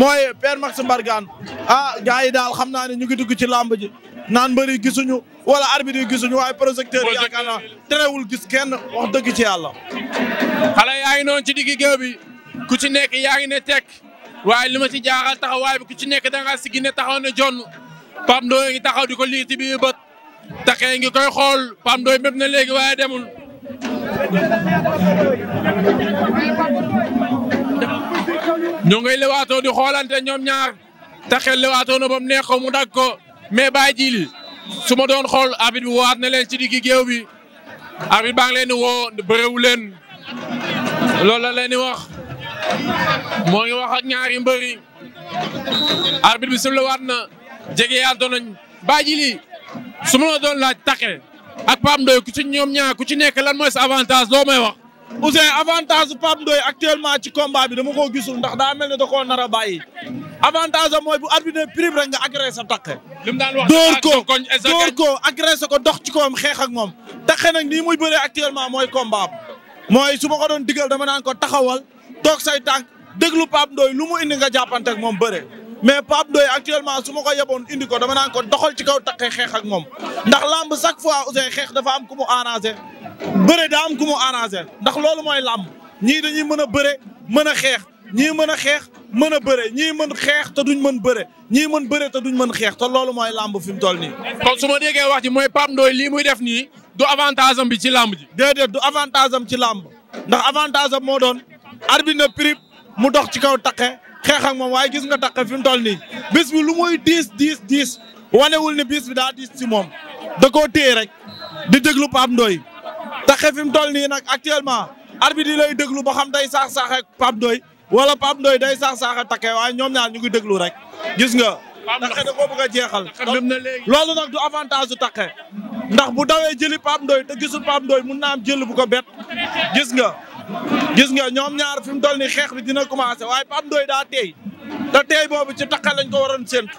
S2: mooy Père Max Mbargane ah gars yi daal xam naa ne ñu ngi dugg ci làmb ji naan mbëri gisuñu wala arbitre yi gisuñu waaye projecteur yi yaakaar naa
S4: terewul gis kenn wax dëgg ci yàlla. xale yaa ngi noonu ci diggi géew bi ku ci nekk yaa ngi ne tekk waaye li ma ci jaaxal taxawaay bi ku ci nekk da ngaa si ginne taxaw ne jonn Pape Ndoye ngi taxaw di ko lii ci biir bët taxee ngi koy xool Pape Ndoye mépp na léegi waaye demul. ñoo ngay lewaatoo di xoolante ñoom ñaar taxel lewaatoo na ba mu neex ko mu dag ko mais bàyyi jiili su ma doon xool arbitre bi waat na leen ci diggi géew bi arbitre baa ngi leen di woo bërewu leen loolu la leen di wax moo ngi wax ak ñaari mbëri arbitre bi siflewaat na jege yaatoo nañ bàyyi jiili su ma doon laaj taxe ak Pape Ndoye ku ci ñoom ñaar ku ci nekk lan mooy sa avantage loo may wax. Ousseyn avantage su Pape Ndoye actuellement ci combat bi dama
S2: koo gisul ndax daa mel ne da koo nar bàyyi avantage mooy bu arbitre prime rek nga agressé sa takk. li mu daan wax dóor ko dóor ko agressé ko dox ci kawam xeex ak moom. takk nag nii muy bëree actuellement mooy combat mooy su ma ko doon digal dama naan ko taxawal toog say tànk déglu Pape Ndoye lu mu indi nga jàppante moom bëre. mais Pape Ndoye actuellement su ma ko yeboon indi ko dama naan ko doxal ci kaw taqee xeex ak moom ndax lamb chaque fois Ouzin xeex dafa am ku mu arrangé bëre da am ku mu arrangé ndax loolu mooy làmb ñii dañuy mën a bëre mën a xeex ñii mën a xeex mën a bëre ñii mën xeex ta duñ mën bëre ñii mën bëre te duñ mën xeex te loolu mooy làmb fi mu toll nii. kon su ma déggee wax ji mooy Pape Ndoye lii muy def nii du avantage bi ci làmb ji. déedéet du avantage am ci lamb ndax avantage am moo doon arbitre na prip mu dox ci kaw taqee xeex ak moom waaye gis nga takk fi mu toll nii bis bi lu muy diis diis diis wanewul ne bis bi daa diis si moom da koo téye rek di déglu Pape Ndoye takk fi mu toll nii nag actuellement arbitre yi lay déglu ba xam day saax saaxe Pape Ndoye wala Pape Ndoye day saax saaxe takke waaye ñoom ñaar ñu ngi déglu rek gis nga takke da koo bëgg a jeexal loolu nag du avantage du takke ndax bu dawee jëli Pape Ndoye te gisu Pape Ndoye mun na jël bu ko bet gis nga gis nga ñoom ñaar fi mu toll ni xeex bi dina commencé waaye Pape Ndoye daa teey te teey boobu ci taqa lañ ko waroon séntu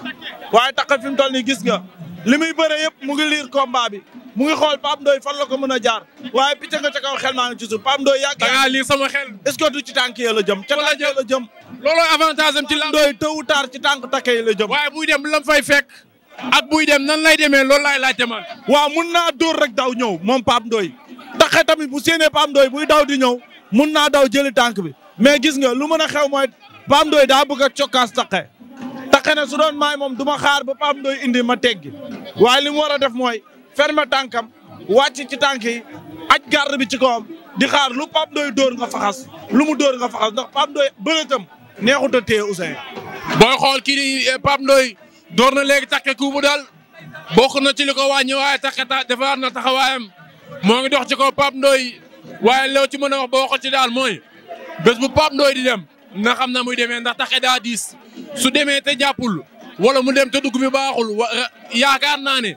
S2: waaye taqa fi mu toll ni gis nga li muy bëre yëpp mu ngi liir combat bi mu ngi xool Pape Ndoye fan la ko mën a jaar waaye picc nga ca kaw xel maa ngi ci suuf Pape Ndoye yàgg da lii sama xel est ci tànk yi la jëm ca tànk a la jëm looloo avantage am ci lamb Ndoye tôt ou tard ci tànk takk yi la jëm waaye buy dem lam fay fekk ak buy dem nan lay demee loolu laay laajte man waaw mun naa dóor rek daw ñëw moom Pape Ndoye taxe tamit bu séenee Pape Ndoye buy daw di ñëw mun naa daw jëli tànk bi mais gis nga lu mën a xew mooy Pape Ndoye daa bëgg a cokkaas taqe taqe na su doon maay moom du ma xaar ba Pape ndooy indi ma teggi waaye li mu war a def mooy fermer tànkam wàcc ci tànk yi aj bi ci kawam di xaar lu Pape Ndoye dóor nga faxas lu mu dóor nga faxas ndax Pape Ndoye bëreetam
S4: neexut a téye Ousseyn. booy xool kii di eh, Pape Ndoye na léegi taqe ku bu daal bokk na ci li ko wàññi waaye taqe ta na taxawaayam moo ngi dox ci kaw Pape Ndoye waaye loo ci mën a wax ba waxoon ci daal mooy bés bu Pape Ndoye di dem na xam na muy demee ndax taxe daa diis su demee te jàppul wala mu dem te dugg bi baaxul wa eh, yaakaar naa ne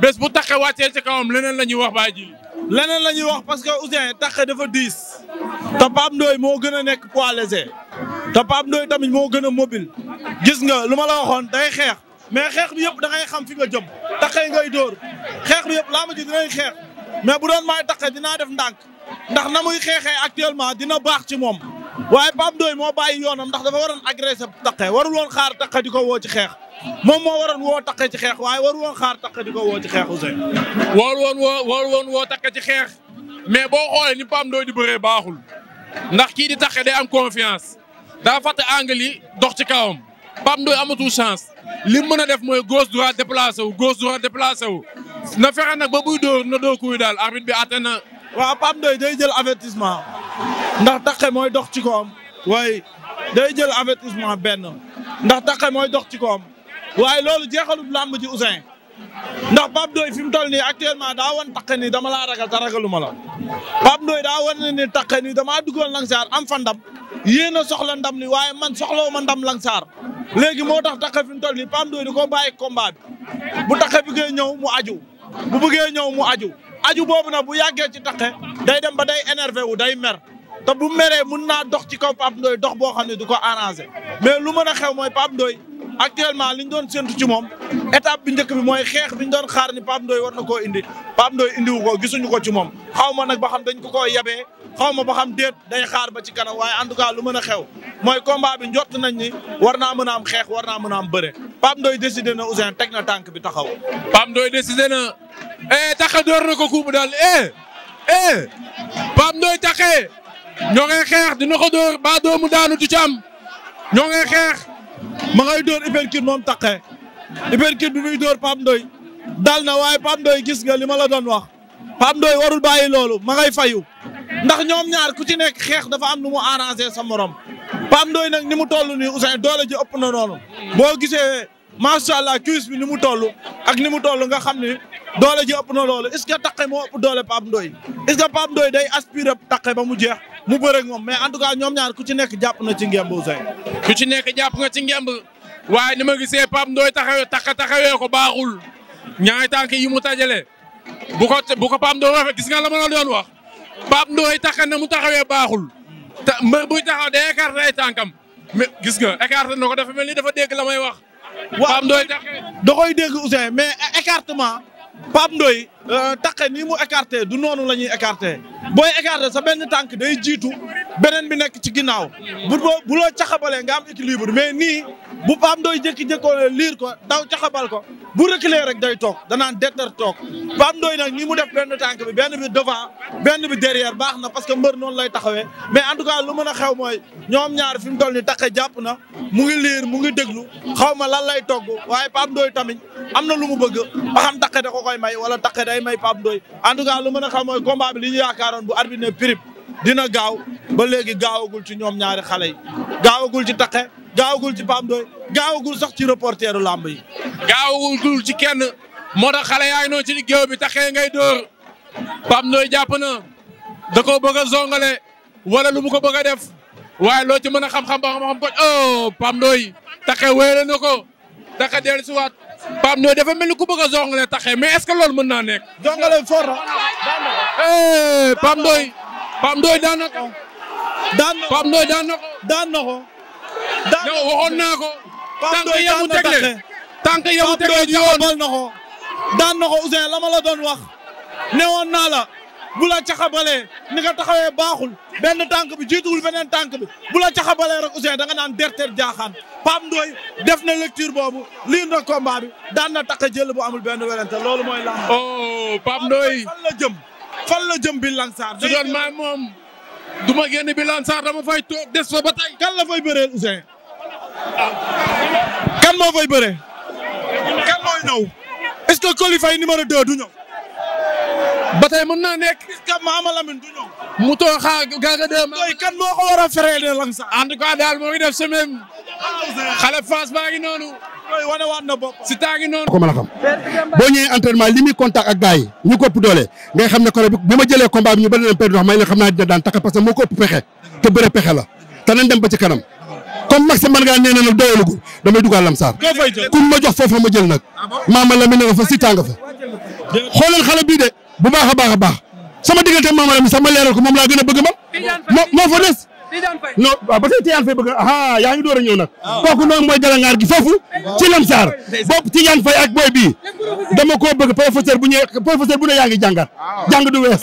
S4: bés bu taxe wàccee ci kawam leneen la ñuy wax baa ji. leneen la
S2: ñuy wax parce que Ouzin taxe dafa diis te Pape ndooy moo gën a nekk poids léger te Pape Ndoye tamit moo gën a mobile gis nga lu ma la waxoon day xeex mais xeex bi yëpp da ngay xam fi nga jom jëm taxe ngay dóor xeex bi yëpp laa ma ji dinañ xeex mais bu doon maay taxe dinaa def ndànk. ndax na muy xeexee actuellement dina baax ci moom waaye Pape Ndoye moo bàyyi yoonam ndax dafa waroon agressé Takké warul woon xaar Takké di ko woo ci xeex moom moo waroon woo Takké ci
S4: xeex waaye warul woon xaar Takké di ko woo ci xeex Ousseyn. warul woon woo warul woon woo Takké ci xeex mais boo xoolee ni Pape Ndoye di bëree baaxul ndax kii di Takké day am confiance daa fàtte angle yi dox ci kawam Pape Ndoye amatul chance li mën a def mooy gauche droite déplacé wu gauche droite déplacé wu na fexe nag na dóor kuy bi atteint
S2: waaw Pape Ndoye day jël avertissement ndax taqe mooy dox ci koom waaye day jël avertissement benn ndax taqe mooy dox ci koom waaye loolu jeexalul làmb ji Ousseyn ndax Pape Ndoye fi mu toll nii actuellement daa wan taqe nii dama laa ragal te ragalu ma la Pape Ndoye daa wan ne ni taqe nii damaa duggoon Langsar am fa ndam yéen a soxla ndam li waaye man soxla ma ndam Langsar léegi moo tax taqe fi mu toll nii Pape Ndoye da koo bàyyi combat bu taqe bi bëggee ñëw mu aju bu bëggee ñëw mu aju aju boobu nag bu yàggee ci taqe day dem ba day énervé wu day mer te bu meree mun naa dox ci kaw Pape Ndoye dox boo xam ne du ko arrangé mais lu mën a xew mooy Pape Ndoye actuellement li ñu doon séntu ci moom étape bi njëkk bi mooy xeex bi ñu doon xaar ni Pape Ndoye war na koo indi Pape Ndoye indiwu ko gisuñu ko ci moom xaw ma nag ba xam dañ ko ko yabee xaw ma ba xam déet day xaar ba ci kanam waaye en tout cas lu mën a xew mooy combat bi njott nañ ni war naa mën a am xeex war naa mën a am bëre Pape Ndoye décidé na Ouzin teg na tànk
S4: bi taxaw. Pape Ndoye décidé na eh taxa door na ko kuubu daal eh eh Pape Ndoye taxee ñoo ngay xeex di ko door ba doomu ci
S2: ñoo ma ngay door uppercut moom taqee uppercut bi muy dóor Pape Ndoye dal na waaye Pape Ndoye gis nga li ma la doon wax pam Ndoye warul bàyyi loolu ma ngay fayu ndax ñoom ñaar ku ci nekk xeex dafa am nu mu arrangé sa morom pam Ndoye nag ni mu toll nii Ousseyn doole ji ëpp na noonu boo gisee macha allah cuisse bi nu mu toll ak ni mu toll nga xam ni doole ji ëpp na loolu est ce que taqe moo doole Pape Ndoye est ce que Pape Ndoye day aspiré taqe ba mu jeex mu bëreeg moom mais en tout cas ñoom ñaar ku ci nekk jàpp na ci ngemb
S4: Ousseyn. ku ci nekk jàpp nga ci ngemb waaye ni ma gisee Pape Ndoye taxawee taxa taxawee ko baaxul ñaari tànk yi mu tajale bu ko bu ko Pape Ndoye waxee gis nga la ma la doon wax Pape Ndoye taxa na mu taxawee baaxul te mbër buy taxaw day écarté ay tànkam mais gis nga écarté na ko dafa mel ni dafa dégg la may wax. Pape Ndoye taxawee
S2: da koy dégg Ousseyn mais écartement Pape Ndoye Euh, taqe nii mu écarté du noonu la ñuy écarté booy écarté sa benn tànk day jiitu beneen bi nekk ci ginnaaw bu bu loo caxabalee nga am équilibre mais nii bu Pape Ndoye jékki-jékkoon liir ko daw caxabal ko bu reculer rek day toog danaan detter toog Pape Ndoye nag nii mu def benn tànk bi benn bi devant benn bi derrière baax na parce que mbër noonu lay taxawee mais en tout cas lu mën a xew mooy ñoom ñaar fi mu toll ni taqe jàpp na mu ngi liir mu ngi déglu xaw ma lan lay togg waaye Pape Ndoye tamit am na lu mu bëgg ba wala taqe day may Pape Ndoye en lu mën a xam mooy combat bi li ñu yaakaaroon bu arbitre ne dina gaaw ba léegi gaawagul ci ñoom ñaari xale yi gaawagul ci Takké gaawagul ci Pape Ndoye gaawagul sax ci reporteru lamb yi.
S4: gaawagul ci kenn moo tax xale yaay noonu ci géew bi Takké ngay dóor Pape Ndoye jàpp na da koo bëgg a zongale wala lu mu ko bëgg def waaye loo ci mën a xam-xam ba xam-xam ko oh Pape Ndoye Takké wéere na ko Takké dellusiwaat. Pape Ndoye dafa mel ni ku bëgg a zongale taxee mais est que loolu mën naa nekk. zongale fort na. Eh, Pape Ndoye. Pape Ndoye daan na ko. daan na ko Pape Ndoye daan na ko. daan na
S2: ko. daan doon wax. newoon naa la. bu la caxabalee ni nga taxawee baaxul benn tànk bi jiituwul beneen tànk bi bu la caxabalee rek Ousseyn da nga naan derteer jaaxaan Pape Ndoye def na lecture boobu lii na combat bi daan na tax a jël bu amul benn werante loolu mooy lan. oh Pape Ndoye fan la jëm fan la jëm bi
S4: Lansar. su doon maa moom du ma génn bi dama fay des fa ba tey. kan la fay bëree Ousseyn
S2: kan moo fay bëree. kan mooy ñëw est-ce que Coly Faye numéro 2 du ba tey mën naa nekk. gis nga Maama Lamine du ñëw. a feree de lang sa. en tout cas daal moo ngi
S4: def semaine. xale France si taa ngi noonu. a
S8: boo ñëwee entraînement li muy contact ak gars yi ñu ko ëpp doole ngay xam ne ko bi ma jëlee combat bi ñu bëri na perte may la xam naa dina daan takk parce que moo ko ëpp pexe. te bëre pexe la te nañ dem ba ci kanam. comme Maxime man ngaa nee na nag doyalagul damay dugal Lamsaar. ku ma jox foofu ma jël nag. Ah Maama Lamine nga fa si tàng fa. xoolal xale bii de bu baax a baax a baax sama diggante maam Aram sax ma leeral ko moom laa gën a bëgg man. moo moo des. non waaw ba tey Tidiane Faye bëgg ah yaa ngi door a ñëw nag. kooku noonu mooy galangaar gi foofu. ci Lamsaar bopp Tidiane Faye ak boy bii dama koo bëgg professeur bu ñëwee professeur bu ne yaa ngi jàngat. jàng du wees.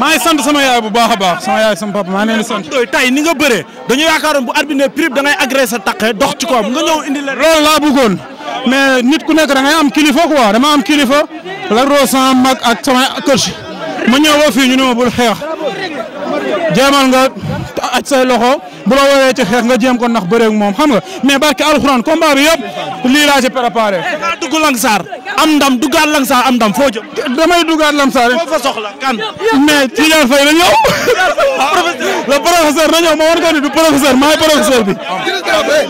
S9: maa
S2: ngi sant sama yaay bu baax a baax sama yaay sama papa maa ngi leen sant. tey ni nga bëree dañu yaakaaroon bu arbitre ne prip da ngay agressé sa taqe dox ci koom nga ñëw indi leen. laa bëggoon mais nit ku nekk da ngay am kilifa quoi dama am kilifa la roo sama mag ak sama kër si ma ñëw ba fii ñu bul xeex. jéemal nga aj say loxo bu la woowee ci xeex nga jéem ko ndax bëreeg moom xam nga mais barke alxuraan combat bi yëpp lii laa ci préparé. da dugg Langsar am ndam duggaat Langsar am ndam foo jëm. damay duggaat Langsar foo fa soxla kan. mais Tidiane Faye na ñëw.
S9: professeur
S2: le professeur na ñëw ma war ko ni du professeur maay professeur
S9: bi.